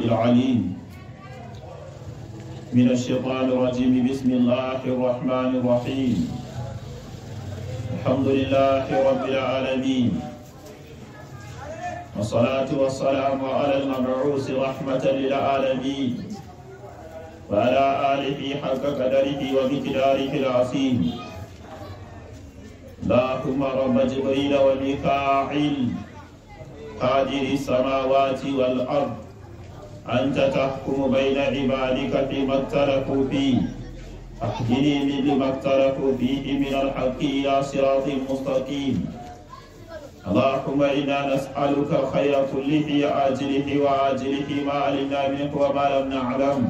العليم من الشيطان الرجيم بسم الله الرحمن الرحيم الحمد لله رب العالمين والصلاة والسلام على المبعوث رحمة للعالمين وعلى آله حق قدره ومقداره العظيم اللهم رب جبريل وميكائيل قادر السماوات والأرض أنت تحكم بين عبادك فيما اتركوا فيه أحجني بما اتركوا فيه من الحق إلى صراط مستقيم اللهم إنا نسألك خير كله عاجله وعاجله ما علمنا منه وما لم نعلم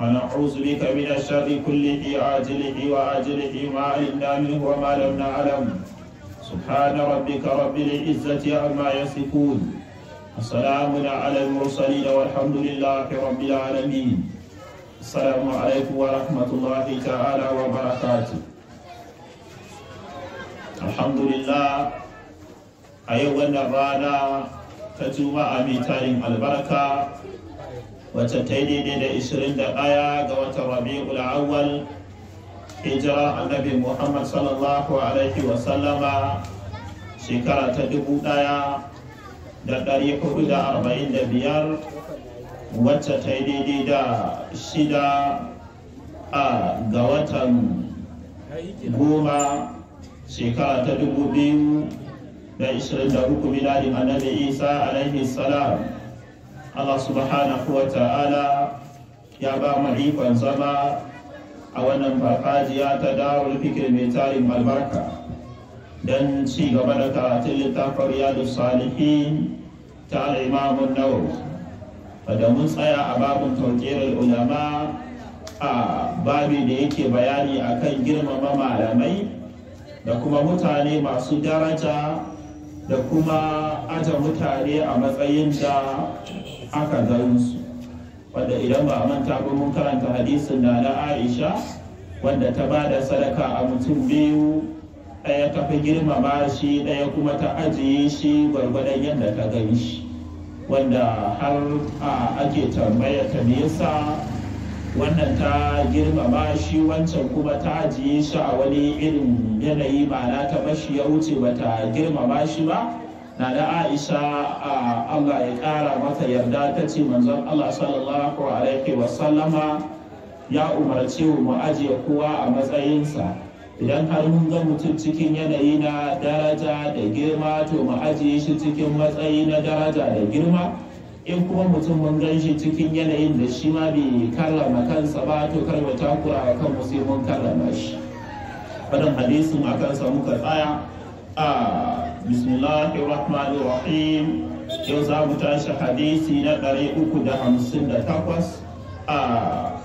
ونعوذ بك من الشر كله عاجله وعاجله ما علمنا منه وما لم نعلم سبحان ربك رب العزة عما يصفون وسلام على المرسلين والحمد لله رب العالمين السلام عليكم ورحمة الله تعالى وبركاته الحمد لله أيوة الرانا تجمع أميتين البركة وتتيني لدى إشرين دقايا قوة ربيع الأول hijira annabi muhammad sallallahu alaihi wasallama shekara ta dubu daya da ɗari hudu da arba'in da biyar wacce ta yi daidai da shida a ga watan goma shekara ta dubu biyu da ishirin da uku miladin annabi isa alaihi salam allah subhanahu wa ta'ala ya ba mu ikon zama a wannan farfajiya ta dawo fikir mai tarin albarka don ci gaba da karatun littafin yadu salihin ta imamun nawawi da mun tsaya a babin tauƙirar ulama a babu da yake bayani akan girmama malamai da kuma mutane masu daraja da kuma aja mutane a matsayin da aka su wanda idan ba a manta ba mun karanta hadisin da na aisha wanda ta ba da sadaka a mutum biyu ɗaya ta fi girmama shi ɗaya kuma ta ajiye shi gwargwadon yadda ta gan shi wanda har a ake tambaya ta yasa wannan ta girmama shi wancan kuma ta ajiye shi a wani irin yanayi ma'ana ta bashi ya wuce bata girmama shi ba na da aisha a allah ya ƙara mata yarda ta ce manzon allah sallallahu alaihi wasallama ya umarci mu ajiye kowa a matsayinsa idan har mun ga mutum cikin yanayi na daraja da girma to mu ajiye shi cikin matsayi na daraja da girma in kuma mutum mun gan shi cikin yanayin da shi ma bai karrama kansa ba to kar mu takura kanmu sai mun karrama shi wannan hadisin a kansa muka tsaya a bismillahir rahmanir rahim yau za mu tashi hadisi na 358 a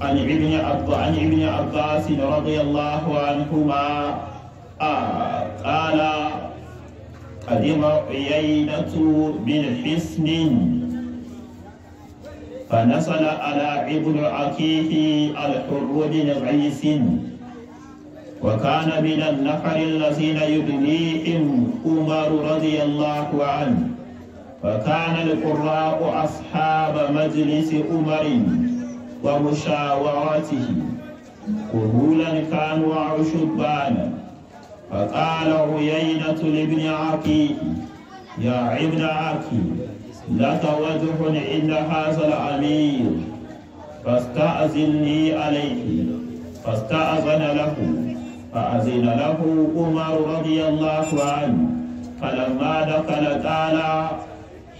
عن ابن عن ابن عباس رضي الله عنهما آه، قال قدم عيينة بن حسن فنزل على ابن عكيف الحر بن عيس وكان من النفر الذين يبنيهم عمر رضي الله عنه وكان القراء أصحاب مجلس عمر ومشاورته قبولا كانوا عشبانا فقال عيينة لابن عكي يا ابن عكي لك وجه عند هذا الأمير فاستأذني عليه فاستأذن له فأذن له عمر رضي الله عنه فلما دخل قال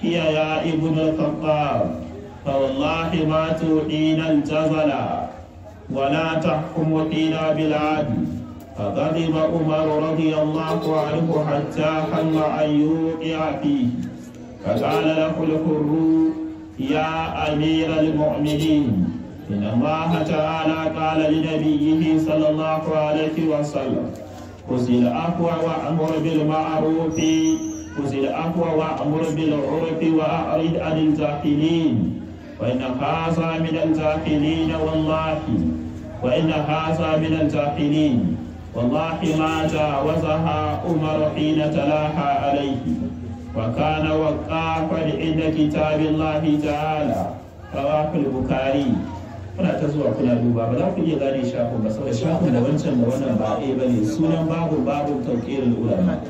هي يا ابن الخطاب فوالله ما تعطين الجزل ولا تحكم فينا بالعدل فغضب عمر رضي الله عنه حتى حل ان يوقع فيه فقال له الحر يا امير المؤمنين ان الله تعالى قال لنبيه صلى الله عليه وسلم خذ الاقوى وامر بالمعروف خذ الاقوى وامر بالعرف واعرض عن الجاهلين وإن هذا من الجاهلين والله وإن هذا من الجاهلين والله ما جاوزها عمر حين تلاها عليه وكان وقافا عند كتاب الله تعالى رواه البخاري kuna ta zuwa kuna duba ba za ku iya gane shafin ba saboda shafin da wancan da wannan ba ba ne sunan babu babu tauƙirin ulama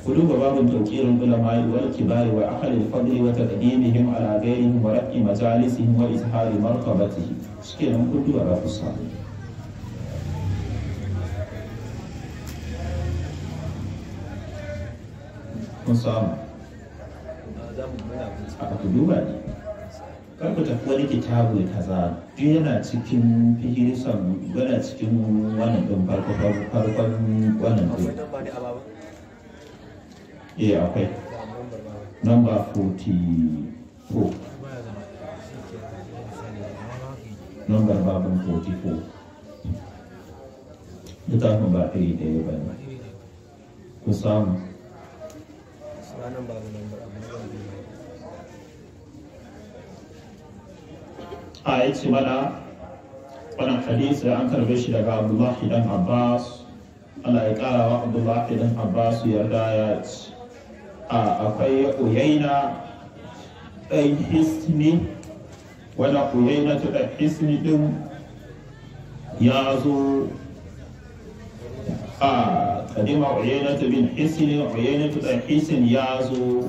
ku duba babin tawqirin ulama wal kibar wa akal al fadl wa taqdimihim ala ghayrihim wa rafi majalisihim wa suke a ku duba ne kar ku tafi wani kitabu kaza duk yana cikin fihirisan yana cikin wannan ɗin farkon wannan ɗin Yeah, akwai number 44 number 44 littafin ba iri ɗaya ba ne ku samu a yi ce hadisi an karbe shi daga abdullahi dan abbas Allah ya kara wa abdullahi dan abbas yarda ya akwai uyaina ɗan hisni wani uyaina ta ɗan hisni ɗin ya zo a kadima uyaina ta bin hisni uyaina ta ɗan hisni ya zo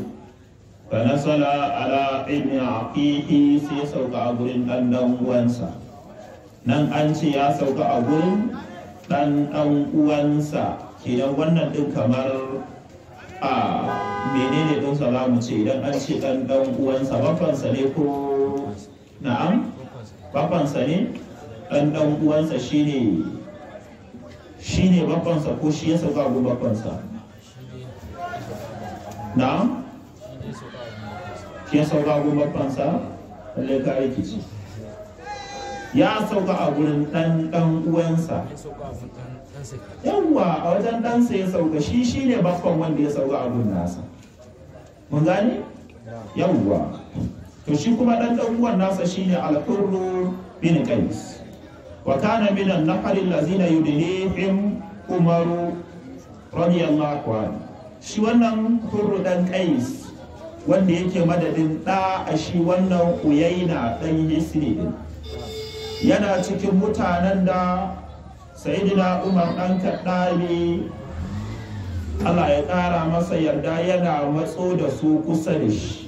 فنزل على ابن عقيق sai ya sauka a gurin ɗan ɗan uwansa nan an ce ya sauka a gurin ɗan ɗan uwansa kenan wannan ɗin kamar a menene don sa za mu ce idan an ce dan dan uwansa bafansa ne ko na'am bafansa ne dan dan uwansa shine shine bafansa ko shi ya sauka gun bafansa na'am shi ya sauka gun bafansa lalle ka ce ya sauka a gurin dan dan uwansa yawwa a wajen ɗansa ya sauka shi shi ne bakon wanda ya sauka a nasa mun gane yawwa to shi kuma ɗan ɗan uwan nasa shi ne alƙurru bin qais wa kana min an-nahl yudrihim umaru radiyallahu anhu shi wannan furru ɗan ƙais wanda yake madadin ɗa a shi wannan uyaina ɗan hisri din yana cikin mutanen da sayidina umar dan kaɗabi allah ya ƙara masa yarda yana matso da su kusa da shi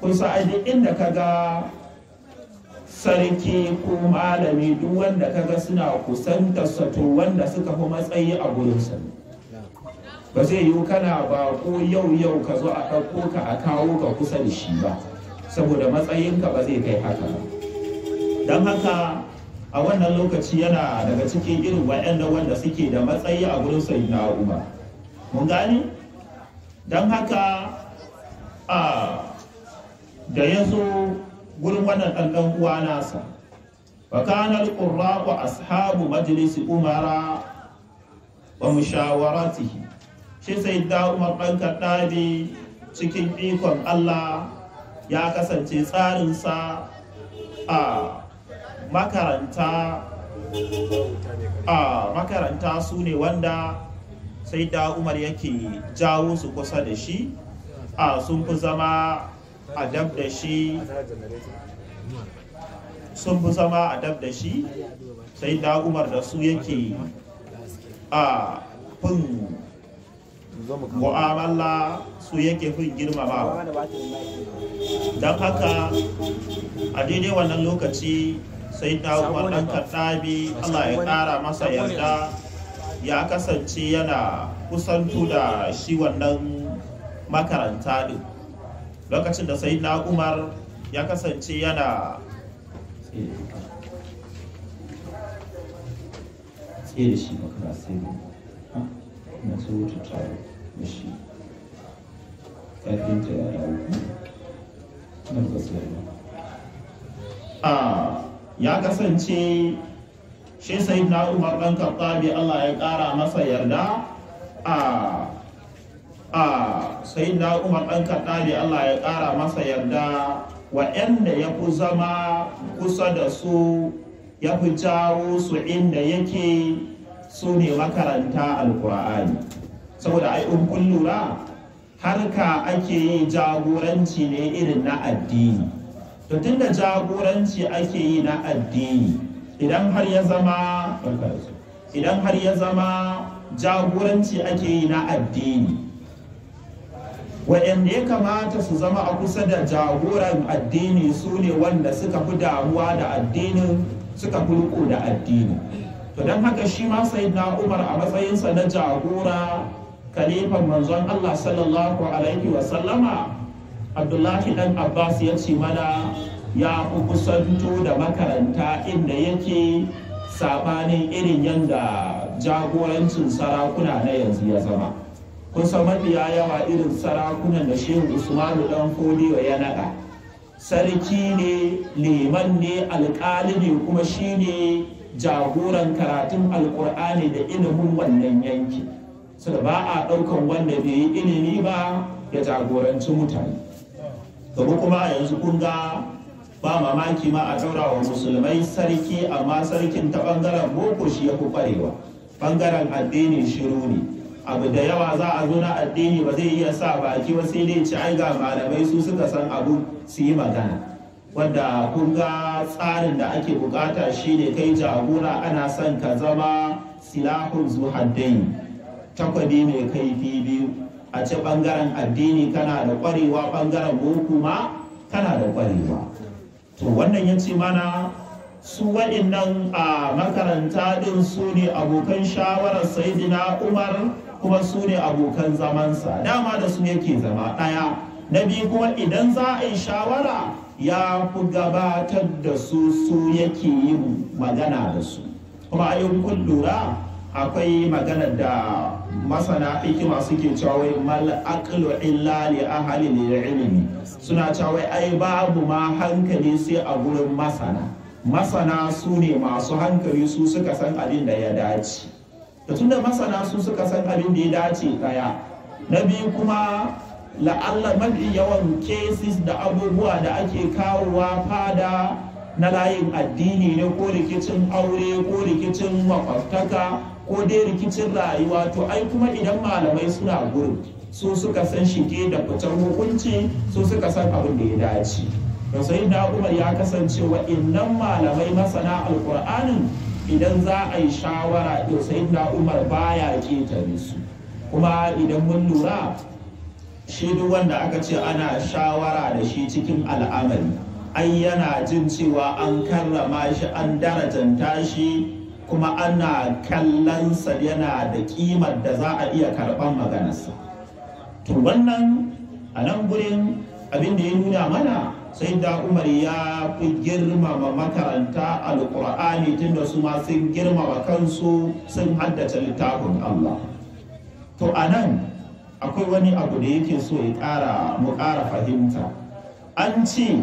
kusa aji inda ka ga sarki ko malami duk wanda ka ga suna kusanta to wanda suka fi matsayi a gurinsa ba zai yiwu kana ba ko yau yau ka zo a ɗauko ka a kawo ka kusa da shi ba saboda matsayinka ba zai kai haka ba. don haka a wannan lokaci yana daga cikin irin da wanda suke da matsayi a gurin na umar mun gani don haka a da ya zo gurin wannan ɗanɗan uwa nasa wa kana al wa ashabu majalisi umara wa mushawaratihi shi da umar ɗan ɗabi cikin ikon Allah ya kasance tsarinsa a makaranta a makaranta su ne wanda sai da umar yake jawo su kusa da shi a sun fi zama a dab da shi sun fi zama adab da shi sai da umar da su yake a fin mu'amala su yake fin girmamawa don haka a daidai wannan lokaci sai ta umar dan kaddabi allah ya ƙara masa yarda ya kasance yana kusantu da shi wannan makaranta ne lokacin da sai umar ya kasance yana da shi makarasa ne na tsohon ta da shi ƙarfin ta ya dawo nan ba ba ya kasance shi sai na umar dan kattabi Allah ya ƙara masa yarda a a sai da umar Allah ya ƙara masa yarda waɗanda ya ku zama kusa da su ya fi jawo su inda yake su ne makaranta alkur'ani saboda ai in kun lura harka ake yi jagoranci ne irin na addini to tunda jagoranci ake yi na addini idan har ya zama idan har ya zama jagoranci ake yi na addini waɗanda ya kamata su zama a kusa da jagoran addini su ne wanda suka fi damuwa da addinin suka fi riko da addini to don haka shi ma sai na umar a matsayinsa na jagora kalifan manzon allah sallallahu alaihi wasallama abdullahi dan abbas ya ce mana ya fi kusanto da makaranta inda yake sabanin irin yadda jagorancin sarakuna na yanzu ya zama kusan mafiya yawa irin sarakunan da shehu usmanu ɗan kodewa ya naɗa sarki ne liman ne alƙali ne kuma shi ne jagoran karatun alƙur'ani da ilimin wannan yanki so ba a ɗaukan wanda bai yi ilimi ba ya jagoranci mutane domin kuma a yanzu kun ga ba mamaki ma a ɗaura wa musulmai sarki amma sarkin ta bangaren boko shi ya fi ƙwarewa ɓangaren addini shiru ne abu da yawa za a zo na addini ba zai iya sa baki ba sai dai ci ai ga malamai su suka san abu su yi magana wanda kun ga tsarin da ake bukata shi ne kai jagora ana son ka zama silahun zuhaddai takwadi mai kaifi biyu a ce ɓangaren addini kana da ƙwarewa ɓangaren boko ma kana da ƙwarewa to wannan ya ce mana su waɗannan a makaranta ɗin su ne abokan shawarar sayidina umar kuma su ne abokan zamansa dama da su yake zama ɗaya na biyu kuma idan za a yi shawara ya ku gabatar da su su yake yin magana da su kuma ayyukan lura akwai magana da masana hikima suke cewa mal aqlu illa li ahli ilmi suna cewa ai babu ma hankali sai a gurin masana masana su ne masu hankali su suka san abin da ya dace da tunda masana su suka san abin da ya dace daya na biyu kuma la'alla mafi yawan cases da abubuwa da ake kawowa fada na layin addini ne ko rikicin aure ko rikicin makwabtaka ko dai rikicin rayuwa to ai kuma idan malamai suna gurin su suka san shige da fitar hukunci su suka san abin da ya dace to sai da umar ya kasance wa'innan malamai masana alkur'anin idan za a yi shawara to sai da umar baya ƙetare su kuma idan mun lura shi duk wanda aka ce ana shawara da shi cikin al'amari ai yana jin cewa an karrama shi an darajanta shi kuma ana kallonsa yana da kimar da za a iya karɓar maganarsa to wannan a nan gurin abin da ya nuna mana sai da umar ya fi girmama makaranta Alƙur'ani tunda su ma sun girmama kansu sun haddace littafin allah to a nan akwai wani abu da yake so ya ƙara mu ƙara fahimta an ce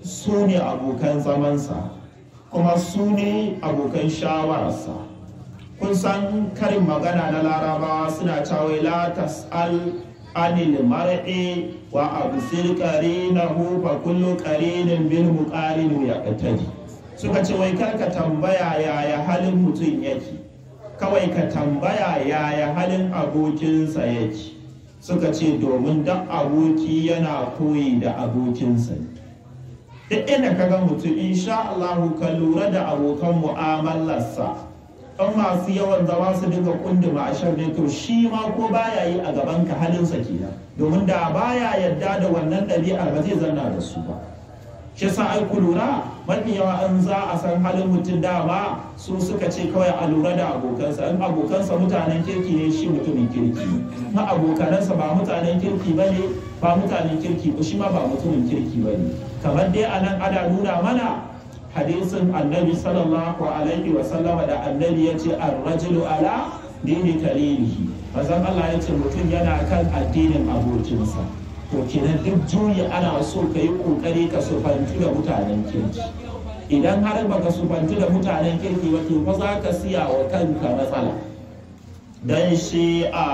su ne abokan zamansa kuma su ne abokan shawararsa kun san karin magana na larabawa suna cewa la tas'al anil mar'i wa absir qarinahu fa kullu bin mukarin ya katari suka ce wai karka tambaya yaya halin mutum yake kawai ka tambaya yaya halin abokinsa yake suka ce domin duk aboki yana koyi da abokinsa ne duk inda ka ga mutum insha Allah ka lura da abokan mu'amalarsa ɗan masu yawan zama su dinga ma a shan to shi ma ko baya yi a gaban ka halinsa kenan domin da baya yadda da wannan ɗabi'ar ba zai zanna da su ba shi sa ai ku lura mafi yawa an za a san halin mutum dama su suka ce kawai a lura da abokansa in abokansa mutanen kirki ne shi mutumin kirki ma abokanansa ba mutanen kirki ba ne ba mutanen kirki ba shi ma ba mutumin kirki ba ne kamar dai anan ana nuna mana hadisin annabi sallallahu alaihi wa sallama da annabi ya ce arrajulu ala dini kalilihi mazan Allah ya ce mutum yana kan addinin abokinsa to kenan duk juyi ana so ka yi kokari ka sufantu da mutanen kirki idan har baka sufantu da mutanen kirki ba to za ka siya wa kanka matsala dan shi a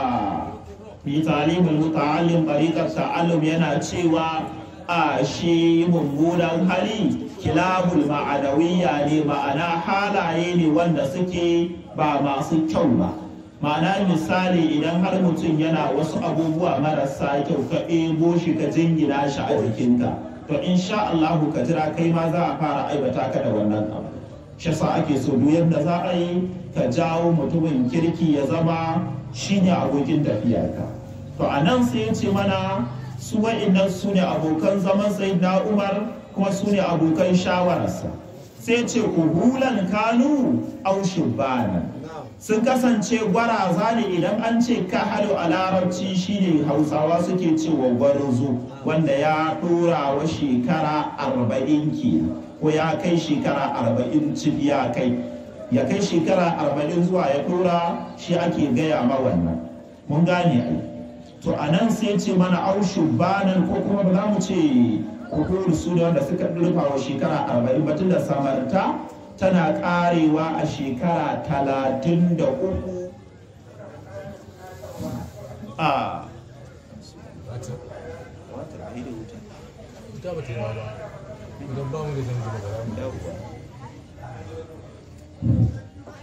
bi talimul muta'allim ta'allum yana cewa a shi mummunan hali kilabul ma'anawiya ne ma'ana halaye ne wanda suke ba masu kyau ba ma'ana misali idan har mutum yana wasu abubuwa marasa kyau ka ebo shi ka jingina shi a jikinta, to in sha Allah ka jira kai ma za a fara aibata ka da wannan abu shi sa ake so duk yadda za a yi ka jawo mutumin kirki ya zama shine abokin tafiyarka to anan nan sai ya ce mana su wa'annan su ne abokan zaman sayyidina umar kuma su ne abokan shawararsa sai ce uhulan kanu au shibbana sun kasance gwaraza ne idan an ce kahalu a larabci shine hausawa suke cewa gwarzo wanda ya dora wa shekara arba'in ke ko ya kai shekara arba'in cibiya kai ya kai shekara arba'in zuwa ya dora shi ake gaya ma wannan mun gane ai to a nan sai ce mana aushu banan ko kuma ba za mu ce kuhuru su da wanda suka rufa wa shekara arba'in batun da samarta tana karewa a shekara talatin da uku a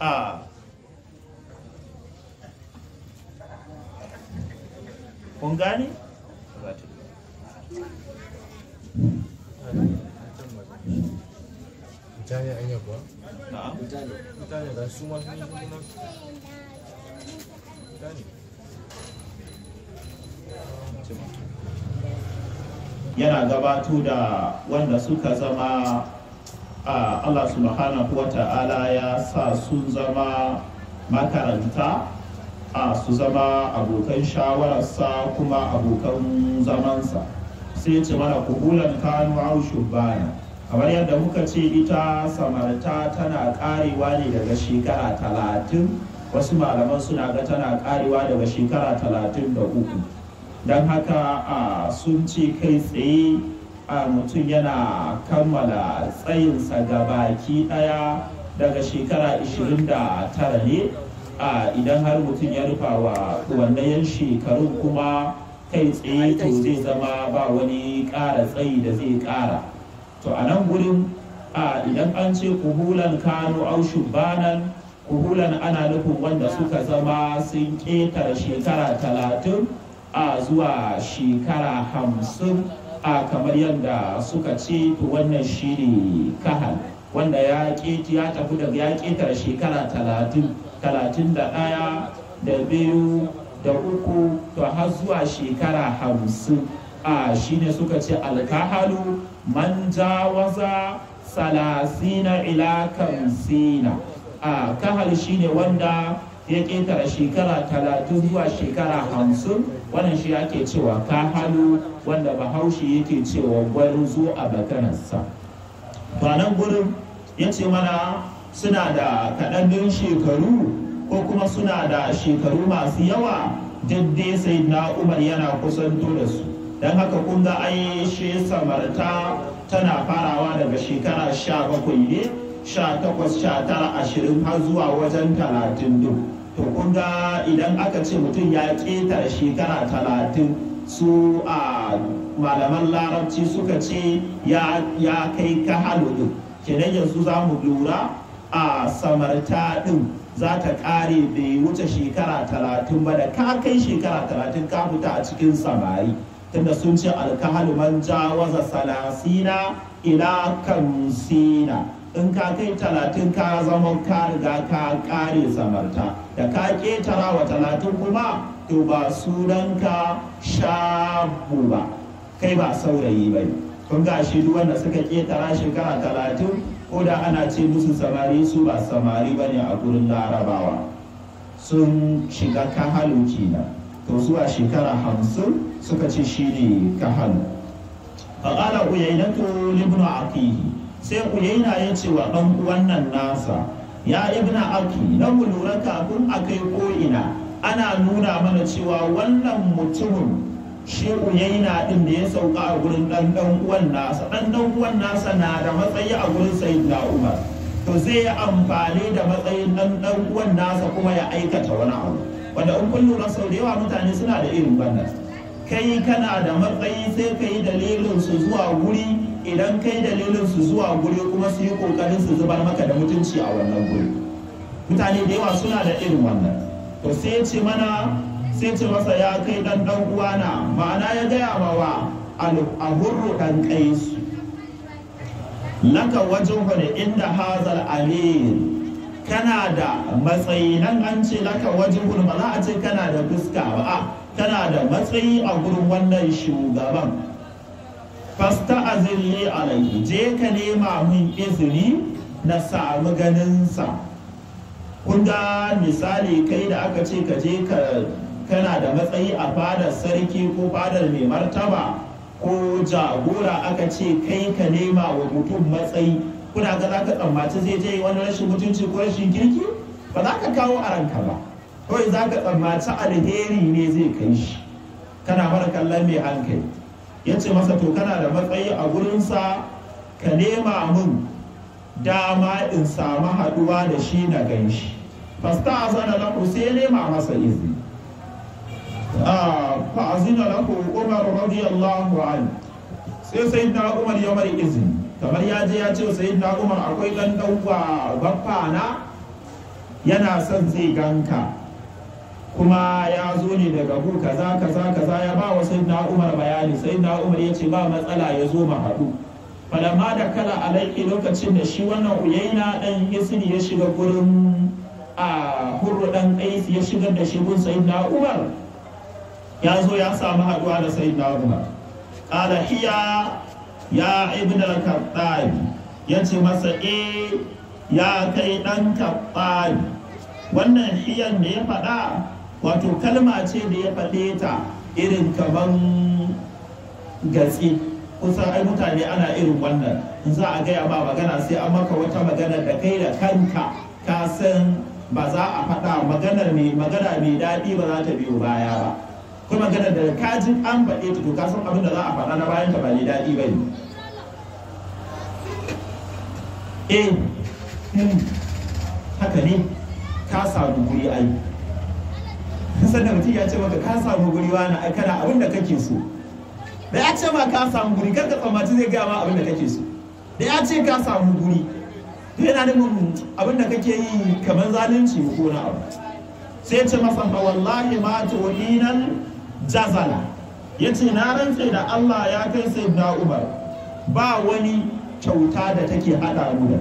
Uh. mun gane mutane an yabuwa? mutane ga su masu yana gabato da wanda suka zama a Allah subhanahu wa ta'ala ya sa sun zama makaranta a su zama abokan shawararsa kuma abokan zamansa sai ce mana kubulan kanu arshun bana kamar yadda muka ce ita samarta tana karewa ne daga shekara talatin wasu malaman suna ga tana karewa daga shekara talatin da uku don haka a sun ce kai tsaye a mutum yana kammala tsayinsa ga baki daya daga shekara 29 ne a idan har mutum ya rufa wa wannan yan shekarun kuma kai tsaye to zai zama ba wani ƙara tsayi da zai ƙara to a nan gurin a idan an ce kuhulan kano au shubanan kuhulan ana nufin wanda suka zama sun ƙetare shekara talatin a zuwa shekara hamsin a kamar yadda suka ce to wannan shi ne kahal wanda ya tafi daga ya ƙetare shekara talatin talatin da ɗaya da biyu da uku to har zuwa shekara hamsin a shi ne suka ce alkahalu man waza salasina ila kamsina a kahal ne wanda ya ƙetare shekara talatin zuwa shekara hamsin wannan shi ake cewa kahalu wanda bahaushe yake cewa gwarin zo a bakanarsa ba nan gurin ya ce mana suna da kaɗannin shekaru ko kuma suna da shekaru masu yawa dai, sai na umar yana kusanto da su don haka kun ga ai shi samarta tana farawa daga shekara sha bakwai ne sha takwas sha tara ashirin har zuwa wajen talatin duk to kun ga idan aka ce mutum ya ƙetare shekara talatin su a malaman larabci suka ce ya kai ka halu kenan yanzu za mu lura a samarta din za ta ƙare bai wuce shekara talatin ba da ka kai shekara talatin ka fita a cikin samari tunda sun ce alkahalu man jawaza salasina ila kamsina in ka kai talatin ka zama ka riga ka kare samarta da ka ƙetara wa talatin kuma to ba ka shabu ba kai ba saurayi ba kun ga shi duk wanda suka ƙetara shekara talatin ko da ana ce musu samari su ba samari ba ne a gurin larabawa sun shiga kahalu kenan to zuwa shekara hamsin suka ce shi ne kahalu faƙala uyainatu libnu akihi sai uyaina ya ce wa ɗan wannan nasa ya ibna aki na mu lura kafin a kai ko'ina ana nuna mana cewa wannan mutumin shi na ɗin da ya sauka a gurin ɗanɗan uwan nasa Ɗanɗan uwan nasa na da matsayi a gurin da umar to zai yi amfani da matsayin ɗanɗan uwan nasa kuma ya aikata wani abu wanda in kun lura sau da yawa mutane suna da irin wannan kai kana da matsayi sai ka yi dalilin su zuwa guri idan kai dalilin su zuwa guri kuma su yi kokarin su zubar maka da mutunci a wannan guri mutane da yawa suna da irin wannan to sai ce mana sai ce masa ya kai dan dan uwana ma'ana ya gaya mawa wa ahurru dan laka wajen da inda hazal amir kana da matsayi nan an ce laka wajen ba za a ce kana da fuska ba a kana da matsayi a gurin wannan shugaban fasta azilli alaihi je ka nema min izini na samu ganinsa kun ga misali kai da aka ce ka je ka kana da matsayi a fadar sarki ko fadar mai martaba ko jagora aka ce kai ka nema wa mutum matsayi kuna ga zaka tsammaci zai je wani rashin mutunci ko rashin kirki ba za ka kawo a ranka ba kawai za ka tsammaci alheri ne zai kai shi kana mara kallon mai hankali ya ce masa to kana da matsayi a gurinsa ka nema mun dama in samu haɗuwa da shi na gan shi fasta a sana lahu nema masa izini فأذن له عمر رضي الله عنه sai sai na umar ya mari izini kamar ya je ya ce sai na umar akwai dan dauka baffa na yana son zai ganka kuma ya zo ne daga gu kaza kaza kaza ya ba wa sai na umar bayani sai na umar ya ce ba matsala ya zo mu haɗu falamma da kala alaiki lokacin da shi wannan uyaina dan isini ya shiga gurin a hurru dan kaisi ya shigar da shi gun sai na umar ya zo ya samu haɗuwa da sai na umar ƙala hiya ya ibn al-kattabi ya ce masa e ya kai ɗan kattabi wannan hiyan da ya faɗa wato kalma ce da ya faɗe ta irin kaman gatsi kusan ai mutane ana irin wannan in za a gaya ba magana sai an maka wata magana da kai da kanka ka san ba za a faɗa magana mai daɗi ba za ta biyo baya ba Kuma magana da ji an baɗe ta to ka san abin da za a faɗa na bayan ta ba ne daɗi ba ne eh hmm, haka ne ka samu guri ai kasar da mutum ya ce maka ka samu guri wa na aikana abin da kake so da ya ce ma ka samu guri kar ka tsammaci zai gaya ma abin da kake so da ya ce ka samu guri to yana nufin abin da kake yi kamar zalunci ko na abu sai ya ce masa wallahi ma tu'inan jazal ya ce na rantse da Allah ya kai sai na umar ba wani kyauta da take hada mu da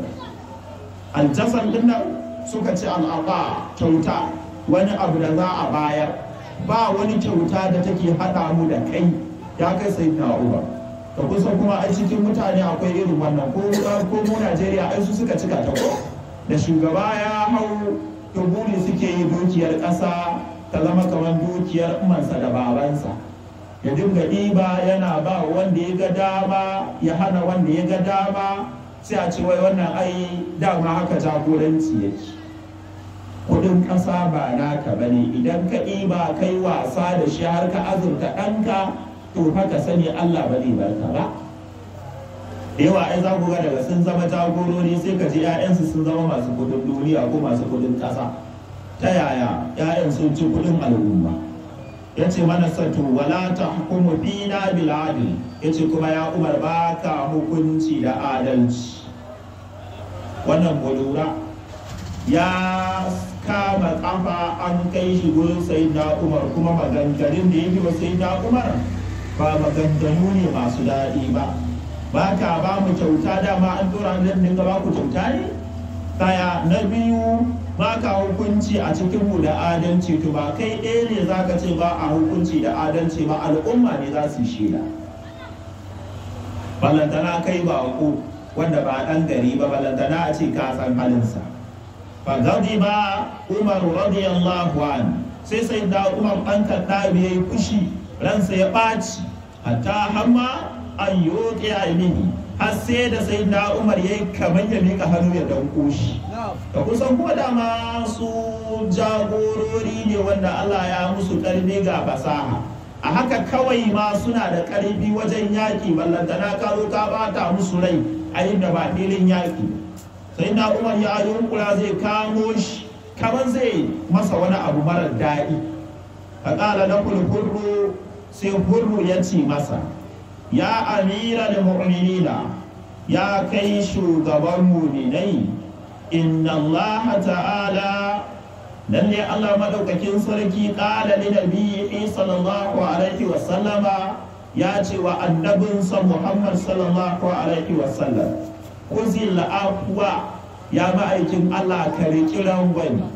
aljazal din nan suka ce al'aba kyauta wani abu da za a bayar ba wani kyauta da take hada mu da kai ya kai sai na umar ka kusa kuma a cikin mutane akwai irin wannan ko ko mu Najeriya ai su suka cika ta ko da shugaba ya hau to suke yi dukiyar ƙasa ta zama kamar dukiyar umarsa da babansa ya dinga ɗiba yana ba wanda ya ga dama ya hana wanda ya ga dama sai a ce wai wannan ai dama haka jagoranci ya yake kudin ƙasa ba naka ne idan ka ɗiba kai wasa da shi har ka azurta ɗanka to fa ka sani Allah ba zai barka ba da yawa ai za ku ga daga sun zama jagorori sai ka ji 'ya'yansu sun zama masu kudin duniya ko masu kudin ƙasa ta yaya ‘ya'yan sun ci kuɗin al'umma ya ce mana sato wala ta hukumu fina biladi ya ce kuma ya umar ba ka hukunci da adalci wannan gudura ya kama kafa an kai shi gurin sai na umar kuma maganganun da ya fi sai na umar ba maganganu ne masu daɗi ba ba ka ba mu kyauta dama an tura nan ne ba ku kyauta ne kaya na biyu ba ka hukunci a cikin mu da adalci to ba kai ɗaya ne za ka ce ba a hukunci da adalci ba al'umma ne za su shela balantana kai ba ku wanda ba ɗan gari ba balantana a ce ka san halinsa fa gadi ba umar radiyallahu an sai sai da umar ɗan kaɗa ya yi fushi ransa ya ɓaci hatta hamma an yi roƙe a har sai da sai na umar ya yi kamar ya mika hannu ya dan da kusan kuma da su jagorori ne wanda allah ya musu karfe ga fasaha a haka kawai ma suna da karfi wajen yaƙi ballantana na karo ka bata musu rai a inda ba filin yaki. sai na umar ya yi hukula zai kamo shi kamar zai masa wani abu marar daɗi a ƙala na kulhurru sai hurru ya ce masa ya amira da mu'minina ya kai shugaban muminai inna Allah ta'ala ne Allah madaukakin sarki qala li nabiyyi sallallahu alaihi wa sallama ya ce wa annabinsa Muhammad sallallahu alaihi wa sallam kuzil afwa ya ma'aikin Allah ka riki rangwani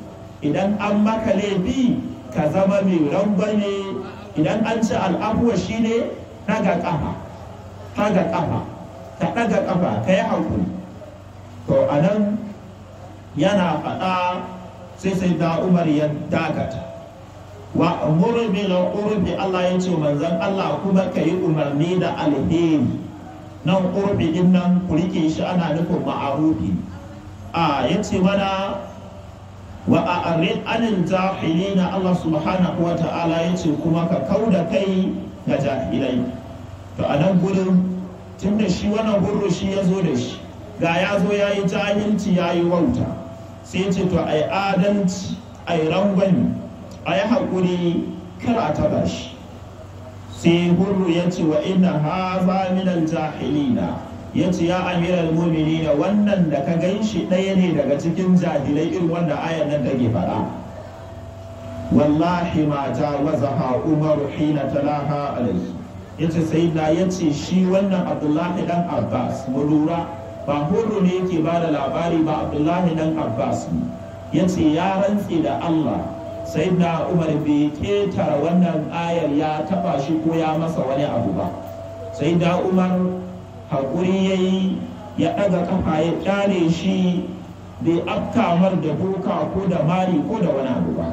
idan an maka laifi ka zama mai rangwani idan an ce al'afwa shine daga kafa ɗaga ƙafa ka ɗaga ƙafa ka yi haƙuri to a nan yana faɗa sai sai da umar ya dakata wa murbi na urbi Allah ya ce manzan Allah kuma ka yi umarni da alheri nan urbi din nan ku shi ana nufin ma'arufi a ya ce mana wa a anin jahili na Allah subhanahu wa ta'ala ya ce kuma ka kauda kai ga jahilai to a nan gudun, tun da shi wannan hurru shi ya zo da shi ga ya zo ya yi jahilci ya yi wauta sai ce to a yi adalci a yi rangwani a yi haƙuri kar a taɓa shi sai hurru ya ce wa ina haza minan jahilina ya ce ya amiral da wannan da ka gan shi ɗaya ne daga cikin jahilai irin wanda ayan nan take faɗa? wallahi mata wazaha umaru hina talaha alaihi ya ce sai na ya ce shi wannan abdullahi dan abbas mu lura ba horo ne yake ba da labari ba abdullahi dan abbas ya ce ya rantse da allah sai na umar bai ketara wannan ayar ya taba shi ko ya masa wani abu ba sai da umar haƙuri ya yi ya ɗaga ƙafa ya ƙyale shi bai afkamar da buka ko da mari ko da wani abu ba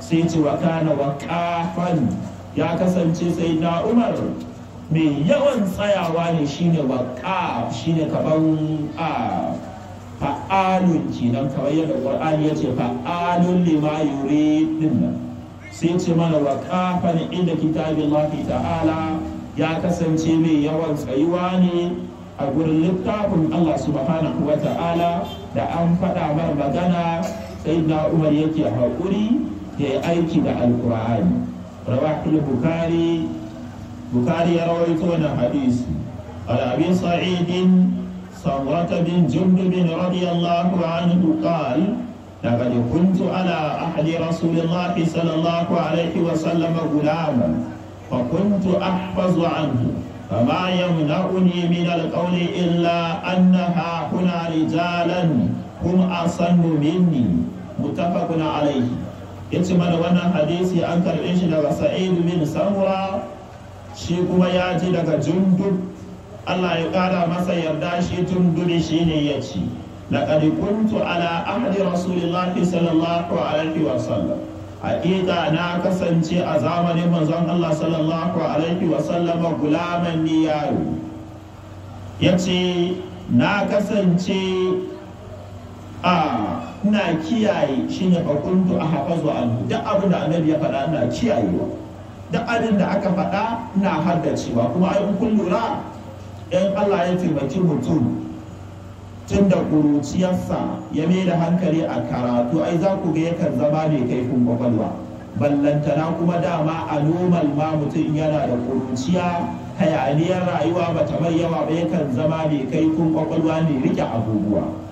sai ce wa kana wa ƙafan ya kasance sai na umar mai yawan tsayawa ne shine waka shine kaban a fa'alun kenan kamar yadda qur'ani ya ce fa'alun lima yuri din sai ce mana waqafan inda lafi ta'ala ya kasance mai yawan tsayuwa ne a gurin littafin Allah subhanahu wa ta'ala da an faɗa mar magana sai na umar yake haƙuri ya yi aiki da alkur'ani رواه البخاري بخاري رويتون حديث عن أبي سعيد صورة بن جندب رضي الله عنه قال لقد كنت على أحد رسول الله صلى الله عليه وسلم غلاما فكنت أحفظ عنه فما يمنعني من القول إلا أنها هنا رجالا هم أصن مني متفق عليه ya ce mana wannan hadisi an karbe shi daga sa'id bin samura shi kuma ya ji daga jundub Allah ya kara masa yarda shi jundubi shi ne ya ci laqad kuntu ala ahdi rasulillahi sallallahu alaihi wa sallam Hakika na kasance a zamanin manzon Allah sallallahu alaihi wa sallam gulaman ni yaro yace na kasance a ina kiyaye shine a kuntu zuwa an duk abin da annabi ya faɗa ina kiyayewa duk abin da aka faɗa ina cewa. kuma ai kun lura Allah ya taimaki mutum tun da ƙuruciyarsa ya mai da hankali a karatu ai za ku ga yakan zama mai kaifin kwakwalwa ballantana kuma dama a nomal ma mutum yana da ƙuruciya hayaniyar rayuwa bata mai yawa ba yakan zama mai kaifin kwakwalwa ne rike abubuwa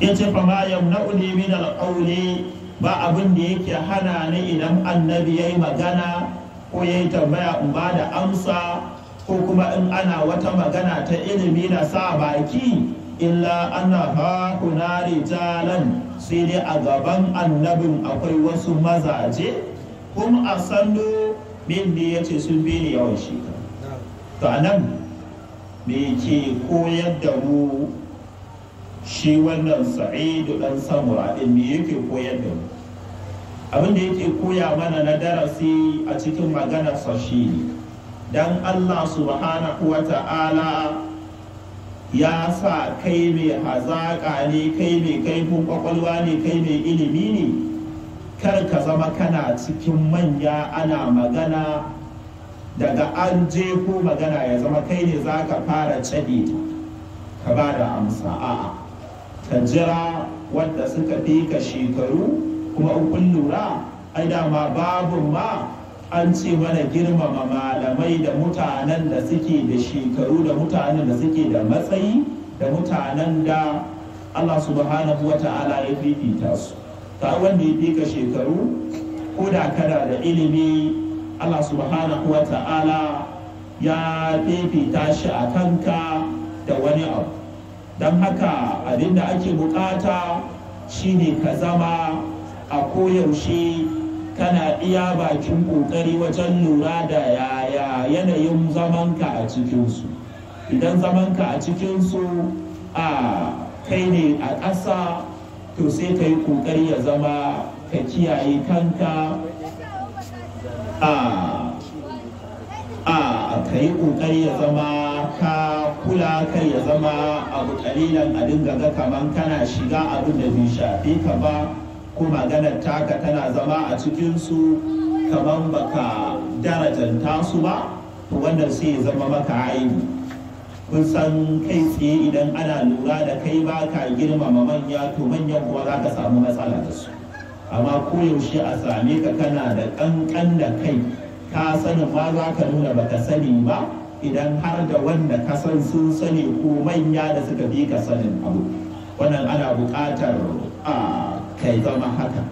ya ce fa ma yamna'uni min alqawli ba abin da yake hana ni idan annabi yayi magana ko yayi tambaya in ba da amsa ko kuma in ana wata magana ta ilimi na sa baki illa ana hakuna rijalan sai dai a gaban annabin akwai wasu mazaje kuma a sando min da ya ce sun bi ni yawan shi to anan me ke koyar da mu shi wannan sa'idu ɗan samura din me yake koyar da mu abin da yake koya mana na darasi a cikin maganarsa shi ne dan allah subhanahu wa ta'ala ya sa kai mai hazaƙa ne kai mai kaifin ƙwaƙwalwa ne kai mai ilimi ne kar ka zama kana cikin manya ana magana daga an je ko magana ya zama kai ne za ka fara caɗe ka ba da amsa a'a ka jira wadda suka fi ka shekaru kuma in lura ai dama babu ma an ce mana girmama malamai da mutanen da suke da shekaru da mutanen da suke da matsayi da mutanen da Allah subhanahu wa ta'ala ya fifita su ta wanda ya ka shekaru ko da kada da ilimi Allah subhanahu wa ta'ala ya fifita shi a kanka da wani abu don haka abin da ake bukata shine ka zama a koyaushe kana iya bakin kokari wajen lura da yaya yanayin zamanka a cikinsu idan zamanka a cikinsu a kai ne a ƙasa to sai ka yi kokari ya zama ka kiyaye kanka a a ka yi kokari ya zama ka kula kai ya zama abu kalilan a dinga ga kaman kana shiga abin da bai shafe ka ba ko maganar taka tana zama a cikinsu kaman baka darajanta su ba to wannan sai ya zama maka aini kun san kai tsaye idan ana lura da kai ba ka girmama manya to manyan kuma za ka samu matsala da su amma koyaushe a same ka kana da kankan da kai ka sanin ma za ka nuna baka sani ba idan har da wanda ka sun sani ko manya da suka bi ka sanin abu wannan ana buƙatar a kai zama haka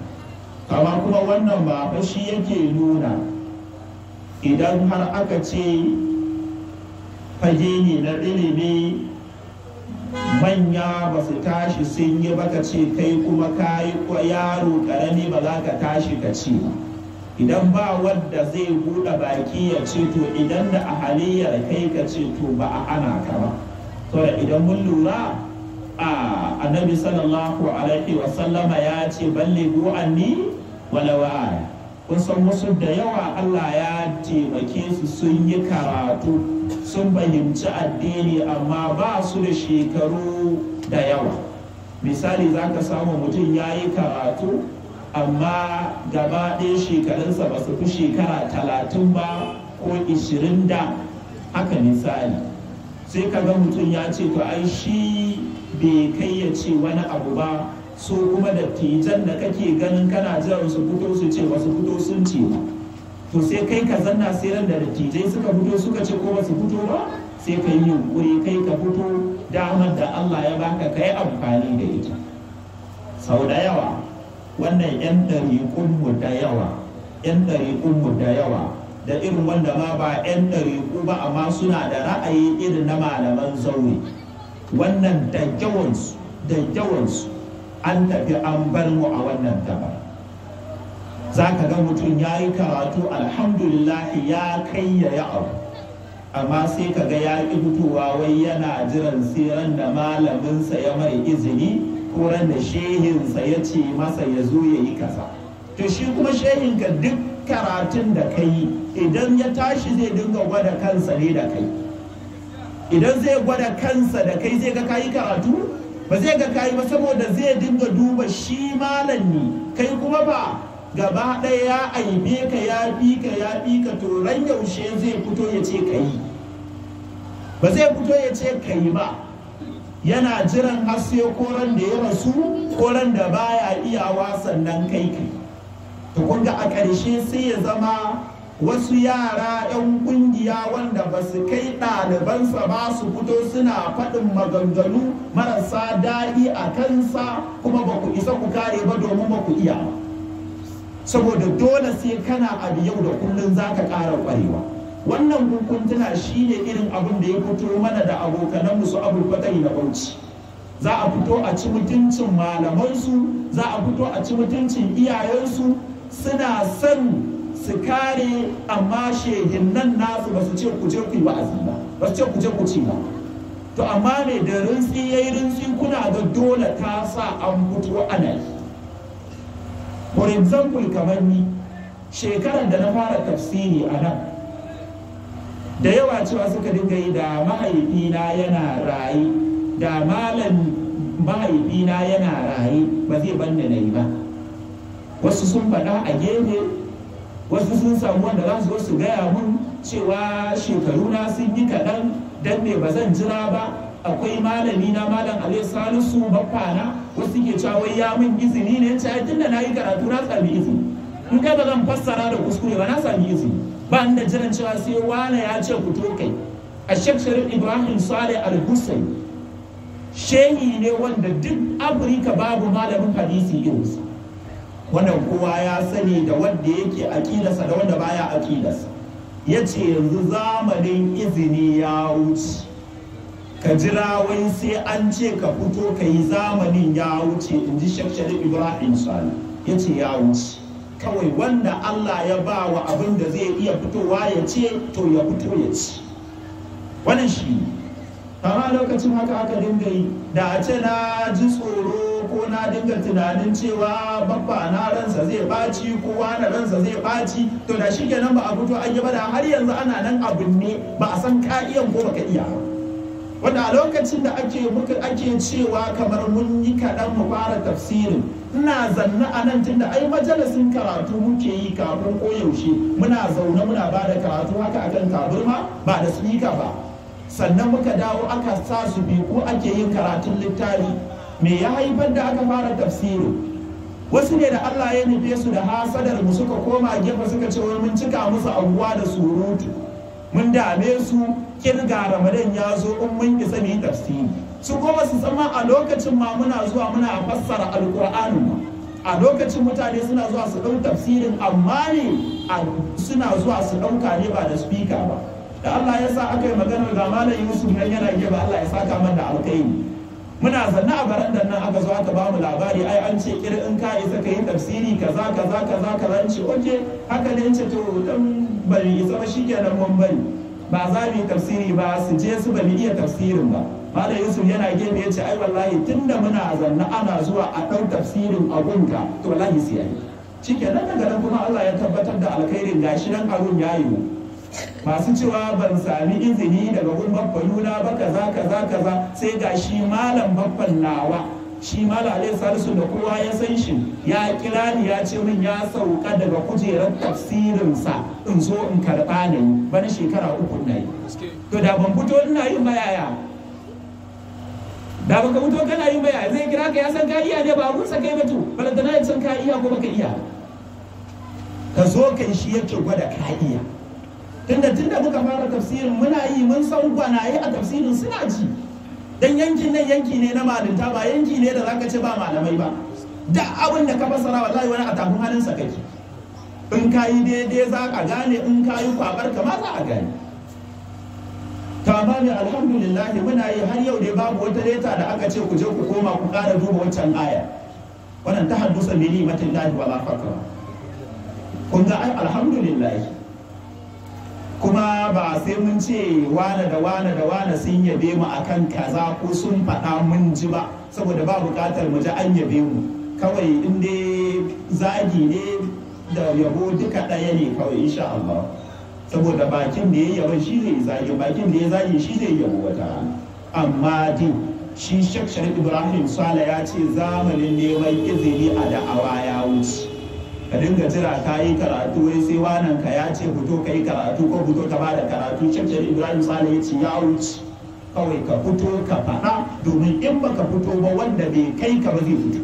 kama kuma wannan ba shi yake nuna idan har aka ce fage ne na ilimi manya ba su tashi sun yi baka ce kai kuma ka yi yaro ƙarami ba za ka tashi ka ce ba idan ba wadda zai buɗe baki ya ce to idan da ahaliyar kai ka ce to ba a ana ka ba to da idan mun lura a annabi sallallahu alaihi wa sallama ya ce balle anni wala wa kun san musu da yawa Allah ya taimake su sun yi karatu sun fahimci addini amma ba su da shekaru da yawa misali zaka ka samu mutum ya yi karatu amma gaba ɗaya shekarunsa ba su fi shekara talatin ba ko ishirin da haka misali sai kaga mutum ya ce to ai shi bai kai ya ce wani abu ba su kuma da tijan da kake ganin kana jiran su fito su ce ba fito sun ce ba to sai kai ka zanna sai ran da dattijai suka fito suka ce ko ba fito ba sai ka yi yunkuri kai ka fito damar da Allah ya baka ka amfani da ita sau da yawa wannan 'yan ɗariƙunmu da yawa 'yan da yawa da irin wanda ma ba 'yan ɗariƙu ba amma suna da ra'ayi irin na malaman zaure wannan da kyawansu, da an tafi an bar mu a wannan gaba za ka ga mutum ya yi karatu alhamdulillah ya kai ya yi abu amma sai ka ga ya ƙi fitowa wai yana jiran siran da malaminsa ya mai izini ko ran da shehinsa ya ce masa ya zo ya yi kaza to shi kuma ka duk karatun da ka yi idan ya tashi zai dinga gwada kansa ne da kai idan zai gwada kansa da kai zai ga kayi karatu ba zai ga kayi ba saboda zai dinga duba shi malam ne kai kuma ba gaba ɗaya ya aibe ka ya bi ka ya bi ka to ran yaushe zai fito ya ce ka yi ba zai fito ya ce ka yi ba yana jiran har sai ran da ya rasu ran da baya iyawa sannan kai kai to kun ga a ƙarshe sai ya zama wasu yara 'yan kungiya wanda ba su kai ɗalibansa ba su fito suna faɗin maganganu marasa daɗi a kansa kuma ba ku isa ku kare ba domin ba ku iya saboda dole sai kana abu yau da kullum za ka ƙara ƙwarewa. wannan hukuntuna shine irin abin da ya fito mana da abokananmu su abulfatai na bauchi za a fito a ci mutuncin malamansu za a fito a ci mutuncin iyayensu suna son su kare amma shehin nan nasu ba su ce ku je ku yi wa'azi ba ba su ce ku je ku ci ba to amma ne da ya yi rinsi kuna ga dole ta sa an fito ana yi for example kamar ni shekarar da na fara tafsiri a nan da yawa cewa suka dinga yi da mahaifina yana raye da malam mahaifina yana raye ba zai banne na yi ba wasu sun faɗa a gefe wasu sun samu wanda za su su gaya mun cewa shekaruna sun yi kaɗan don me ba zan jira ba akwai malami na malam alayhi salisu baffana wasu ke cewa wai ya min izini ne cewa tunda na yi karatu na sami izini in kai ba zan fassara da kuskure ba na sami izini ba da jiran cewa sai wala ya ce fito kai a shekarun ibrahim saleh al husayn shehi ne wanda duk afirka babu malamin hadisi su wannan kowa ya sani da wanda yake akidarsa da wanda baya akidarsa ya ce yanzu zamanin izini ya wuce ka jira wai sai an ce ka fito ka yi zamanin ya wuce in ji shakshari ibrahim sani ya ce ya wuce kawai wanda Allah ya ba wa abin da zai iya fitowa ya ce to ya fito ya ci wannan shi ne amma lokacin haka aka dinga yi da a ce na ji tsoro ko na dinga tunanin cewa babba na ransa zai baci ko wani ransa zai baci to da shi kenan ba a fito an yi ba da har yanzu ana nan abin ne ba a san ka iya ko baka iya ba wanda a lokacin da ake muka ake cewa kamar mun yi kaɗan mu fara tafsirin ina zanna a nan tunda ai majalisin karatu muke yi kafin koyaushe muna zaune muna ba da karatu haka akan taburma ba da sunika ba sannan muka dawo aka sa su ko ake yin karatun littafi me ya haifar da aka fara tafsirin wasu ne da Allah ya nufe su da hasadar mu suka koma gefe suka ce wai mun cika musu abuwa da surutu mun dame su kirga ramadan ya zo in mun isa sani tafsiri su kuma su zama a lokacin ma muna zuwa muna fassara alkur'ani ma a lokacin mutane suna zuwa su ɗau tafsirin amma ne suna zuwa su ɗauka ne ba da spika ba da Allah ya sa aka yi maganar ga malam Yusuf nan yana ba Allah ya saka mana da alkhairi muna zanna a barandar nan aka zo aka bamu labari ai an ce kir in ka isa ka yi tafsiri kaza kaza kaza kaza ce oke haka ne in ce to dan bari isa ba shikenan mun bari ba za mu yi tafsiri ba su je su ba mu iya tafsirin ba Malam Yusuf yana gefe ya ce ai wallahi tunda muna zanna ana zuwa a ɗau tafsirin abunka to wallahi sai ai nan daga nan kuma Allah ya tabbatar da alkhairin shi nan abun ya yiwu masu cewa ban sami izini daga gun babba ba kaza kaza kaza sai gashi malam babban nawa shi mala alai salisu da kowa ya san shi ya kira ni ya ce min ya sauka daga kujerar tafsirinsa in zo in karɓa ne bana shekara uku na yi to da ban fito ina yin bayaya da baka fito kana yin bayaya zai kira ka ya san ka iya ne ba abun sa kai ba to na ya san ka iya ko baka iya ka zo yi shi yake gwada ka iya tunda tunda muka fara tafsirin muna yi mun san gwanaye a tafsirin suna ji dan yankin nan yanki ne na malinta ba yanki ne da zaka ce ba malamai ba da abin da ka fassara wallahi wani a tafin halin sa kake in ka daidai za ka gane in ka yi kwabar ka ma za a gane to amma mai alhamdulillah muna yi har yau dai babu wata leta da aka ce ku je ku koma ku ƙara duba wancan aya wannan ta haddusa mini ni'matin lahi wala fakra kun ga ai alhamdulillah kuma ba sai mun ce wane da wane da wane sun yabe mu akan kaza ko sun faɗa mun ji ba saboda ba buƙatar mu ji an yabe mu kawai in dai zagi ne da yabo duka ɗaya ne kawai insha Allah saboda bakin da ya yabo shi zai zagi bakin da ya zagi shi zai yabo wata amma din shi shakshar ibrahim sala ya ce zamanin neman izini a da'awa ya wuce ka dinga jira ka yi karatu wai sai wannan ka ya ce fito ka yi karatu ko fito ka bada karatu shakshar ibrahim sale ya ce ya wuce kawai ka fito ka faɗa domin in ba ka fito ba wanda bai kai ka ba zai fito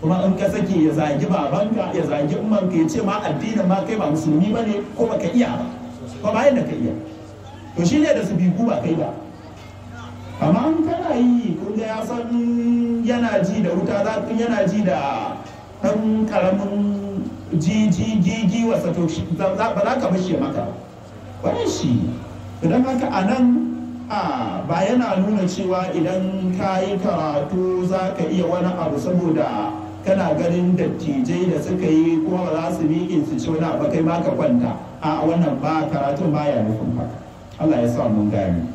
kuma in ka sake ya zagi babanka ya zagi umman ka ya ce ma addinin ma kai ba musulmi ba ne ko ka iya ba ko ba da ka iya to shi ne da su ku ba kai ba amma in kana yi kun ya san yana ji da wuta za yana ji da ɗan ƙaramin jijigigi gigi wasa to ba za ka bashi maka ba. shi idan haka a nan a ba yana nuna cewa idan ka yi karatu za ka iya wani abu saboda kana ganin dattijai da suka yi kuma ba za su miƙin su ci wani abu kai ma ka kwanta a wannan ba karatun baya nufin ba Allah ya sa mun gani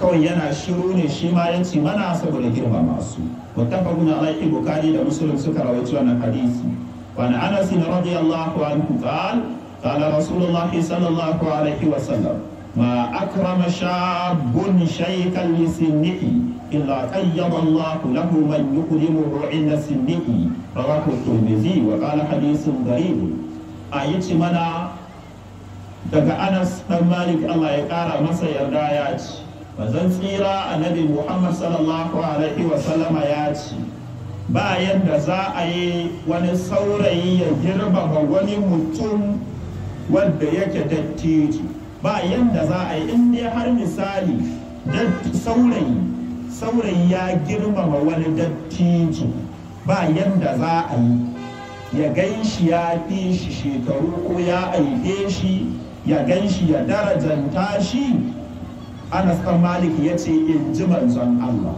kawai yana shiru ne shi ma yanci mana saboda girmama su متفق عليه البخاري ومسلم سكر ويتلون الحديث وعن انس رضي الله عنه قال قال رسول الله صلى الله عليه وسلم ما اكرم شاب شيخا لسنه الا قيض الله له من يكرمه عند سنه رواه الترمذي وقال حديث غريب ايت منا daga anas dan malik allah ya bazan tsira annabi muhammad sallallahu alaihi sallama ya ce ba yadda za a yi wani saurayi ya girmama wani mutum wanda yake dattiji ba yadda za a yi in dai har misali saurayi saurayi ya girmama wani dattiji ba yadda za a yi ya ganshi ya fi shi shekaru ko ya aike shi ya ganshi ya darajanta shi anas dan malik ce, in ji manzon allah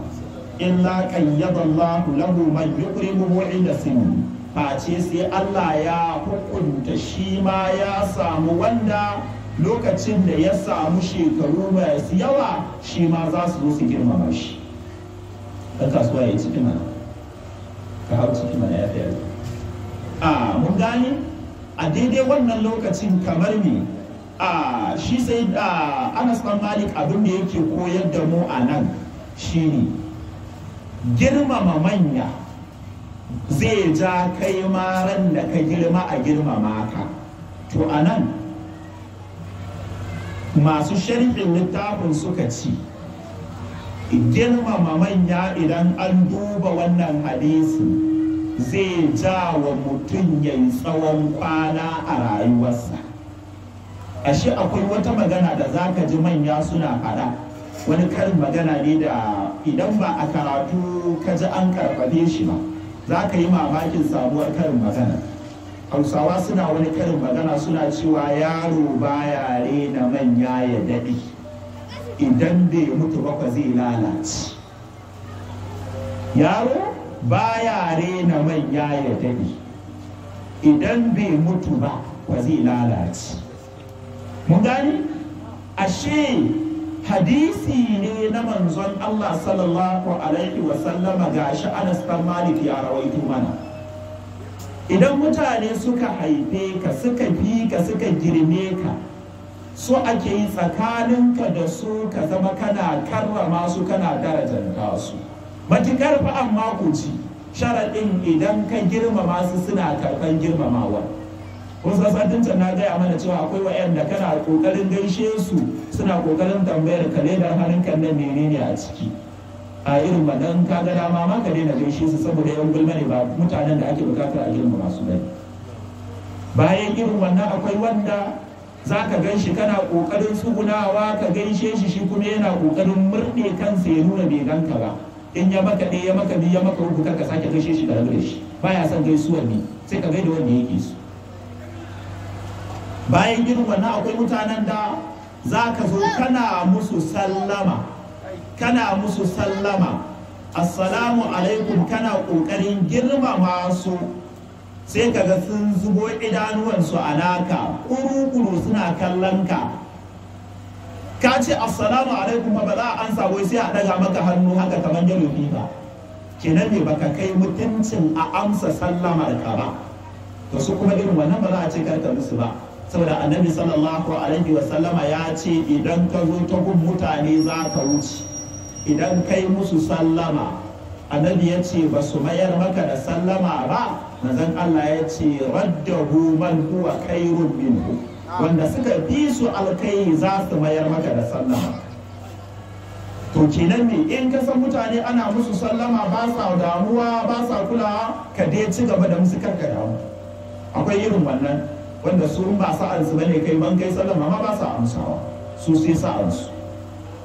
illa qayyada allah lahu man yukrimuhu inda sinu face sai allah ya hukunta shi ma ya samu wanda lokacin da ya samu shekaru masu yawa shi ma za su zo su girmama shi ɗan kasuwa ya ciki mana ka hau ciki mana ya fiye a ah, mun gani a daidai wannan lokacin kamar me Aa, ah, shi sai da ah, anas ɗan malik abin da yake koyar da mu a nan shi ne. girmama manya zai ja kai maran da ka girma a girmama ka to a nan masu sharhin littafin suka ci girmama manya idan an duba wannan hadisi zai ja wa mutum yayi tsawon kwana a rayuwarsa ashe akwai wata magana da za ka ji manya suna faɗa wani karin magana ne da idan ba a karatu ka ji an karfafe shi ba za ka yi mamakin samuwar karin magana hausawa suna wani karin magana suna cewa yaro baya rena manya ya daɗe idan bai mutu ba zai lalace yaro baya rena manya ya daɗe idan bai mutu ba zai lalace mun gani ashe hadisi ne na manzon Allah sallallahu alaihi wasallama ga shi Anas dan Malik ya rawaito mana idan mutane suka haife ka suka fi ka suka girme ka so ake yi tsakaninka da su ka zama kana karrama su kana darajanta su matukar fa amma ku ci sharaɗin idan ka girmama su suna karɓan girmamawa kun san satin can na gaya mana cewa akwai wa'anda kana kokarin gaishe su suna kokarin tambayar ka ledar hannunka nan menene a ciki a irin wannan ka ga dama ma ka daina gaishe su saboda yan gulma ne ba mutanen da ake bukatar a girma masu bai bayan irin wannan akwai wanda za ka gan shi kana kokarin tsugunawa ka gaishe shi shi kuma yana kokarin murne kansa ya nuna bai ganka ba in ya maka ɗaya ya maka biyu ya maka uku ka sake gaishe shi da rabu da shi baya son gaisuwar ne sai ka gaida wanda yake so bayan girin wannan akwai mutanen da za ka zo kana musu sallama kana musu sallama assalamu alaikum kana ƙoƙarin girmama su sai ka ga sun zubo idanuwansu a kuru-kuru suna kallon ka ka ce assalamu alaikum ba za a ansa wai sai a daga maka hannu haka kamar yaro ba kenan ne baka kai mutuncin a amsa sallamar ka ba to su kuma irin wannan ba za a ce karka musu ba saboda annabi sallallahu alaihi wa sallama ya ce idan ka zo ta gun mutane za ka wuce idan kai musu sallama annabi ya ce ba su mayar maka da sallama ba manzon Allah ya ce raddahu man huwa khairun minhu wanda suka fi su alkai za su mayar maka da sallama to kenan ne in ka san mutane ana musu sallama ba sa damuwa ba sa kulawa ka dai ci gaba da musu karka damu akwai irin wannan wanda su ba sa'ansu bane kai ban kai sallama ma ba sa amsawa su sai sa'ansu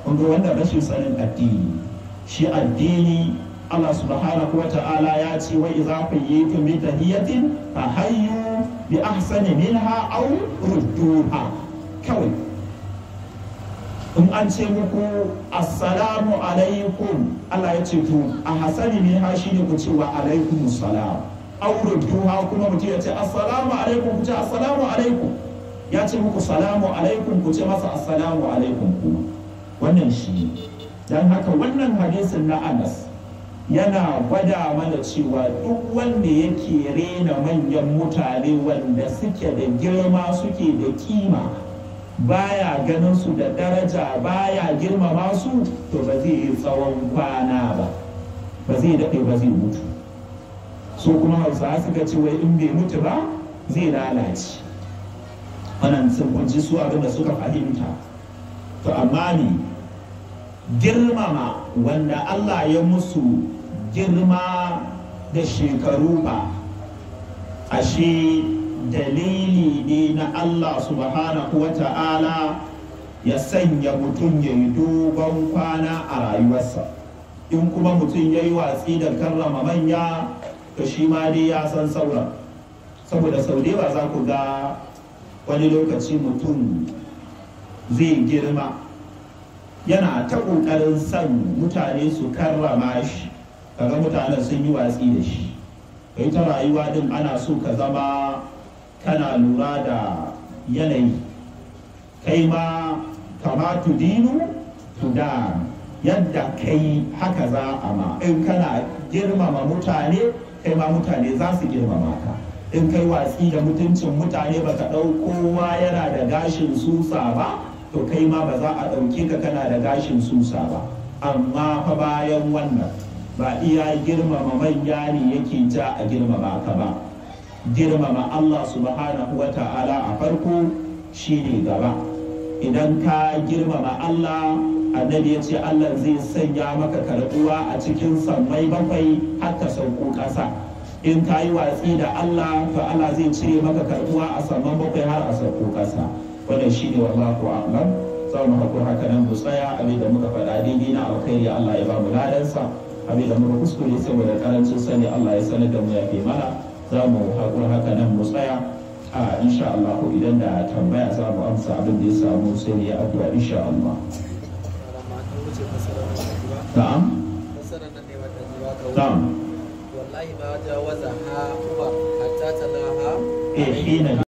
kun ga wannan rashin sanin addini shi addini Allah subhanahu wata'ala ya ce wa idza qayyitum bi tahiyatin fa hayyu bi ahsani minha aw rudduha kawai in an ce muku assalamu alaikum Allah ya ce to a hasani minha shine ku ce wa alaikumus auren duha kuma mutum ya ce assalamu alaikum ku ce assalamu alaikum ya ce muku salamu alaikum ku ce masa assalamu alaikum kuma wannan shi don haka wannan hadisin na Anas yana gwada mana cewa duk wanda yake rena manyan mutane wanda suke da girma suke da kima baya ganin su da daraja baya girmama su to ba zai yi tsawon kwana ba ba zai daɗe ba zai mutu su kuma hausawa suka ce wai in bai mutu ba zai lalace wannan sun kunci su abin da suka fahimta to amma ne. girmama wanda Allah ya musu girma da shekaru ba ashe dalili ne na Allah subhanahu wa ta'ala ya sanya mutum ya yi dogon kwana a rayuwarsa in kuma mutum ya yi watsi da karrama manya to shi ma dai ya san saura saboda sau da yawa za ku ga wani lokaci mutum zai girma yana ta ƙoƙarin son mutane su karrama shi kaga mutanen sun yi watsi da shi kai ta rayuwa din ana so ka zama kana lura da yanayi kai ma kama tu dinu tu da yadda kai haka za a ma in kana girmama mutane kai ma mutane za su girmama ka in kai watsi da mutuncin mutane baka ɗau kowa yana da gashin susa ba to kai ma ba za a ɗauke ka kana da gashin susa ba amma fa bayan wannan ba iya girmama manya ne yake ja a girmama ka ba girmama Allah subhanahu wa ta'ala a farko shine gaba idan ka girmama Allah annabi ya ce Allah zai sanya maka karɓuwa a cikin sammai bakwai har ka sauko ƙasa in ka yi watsi da Allah to Allah zai cire maka karɓuwa a sammai bakwai har a sauko ƙasa wannan shi ne wallahu a'lam za mu hako haka nan mu tsaya abin da muka faɗa daidai na alkhairi Allah ya ba mu ladansa abin da muka kuskure saboda karancin sani Allah ya sanar da mu ya fi mana za mu hako haka nan mu tsaya a insha Allah idan da tambaya za mu amsa abin da ya samu sai ya addu'a insha Allah na'am na'am wallahi ma jawaza ha huwa hatta talaha eh hina eh,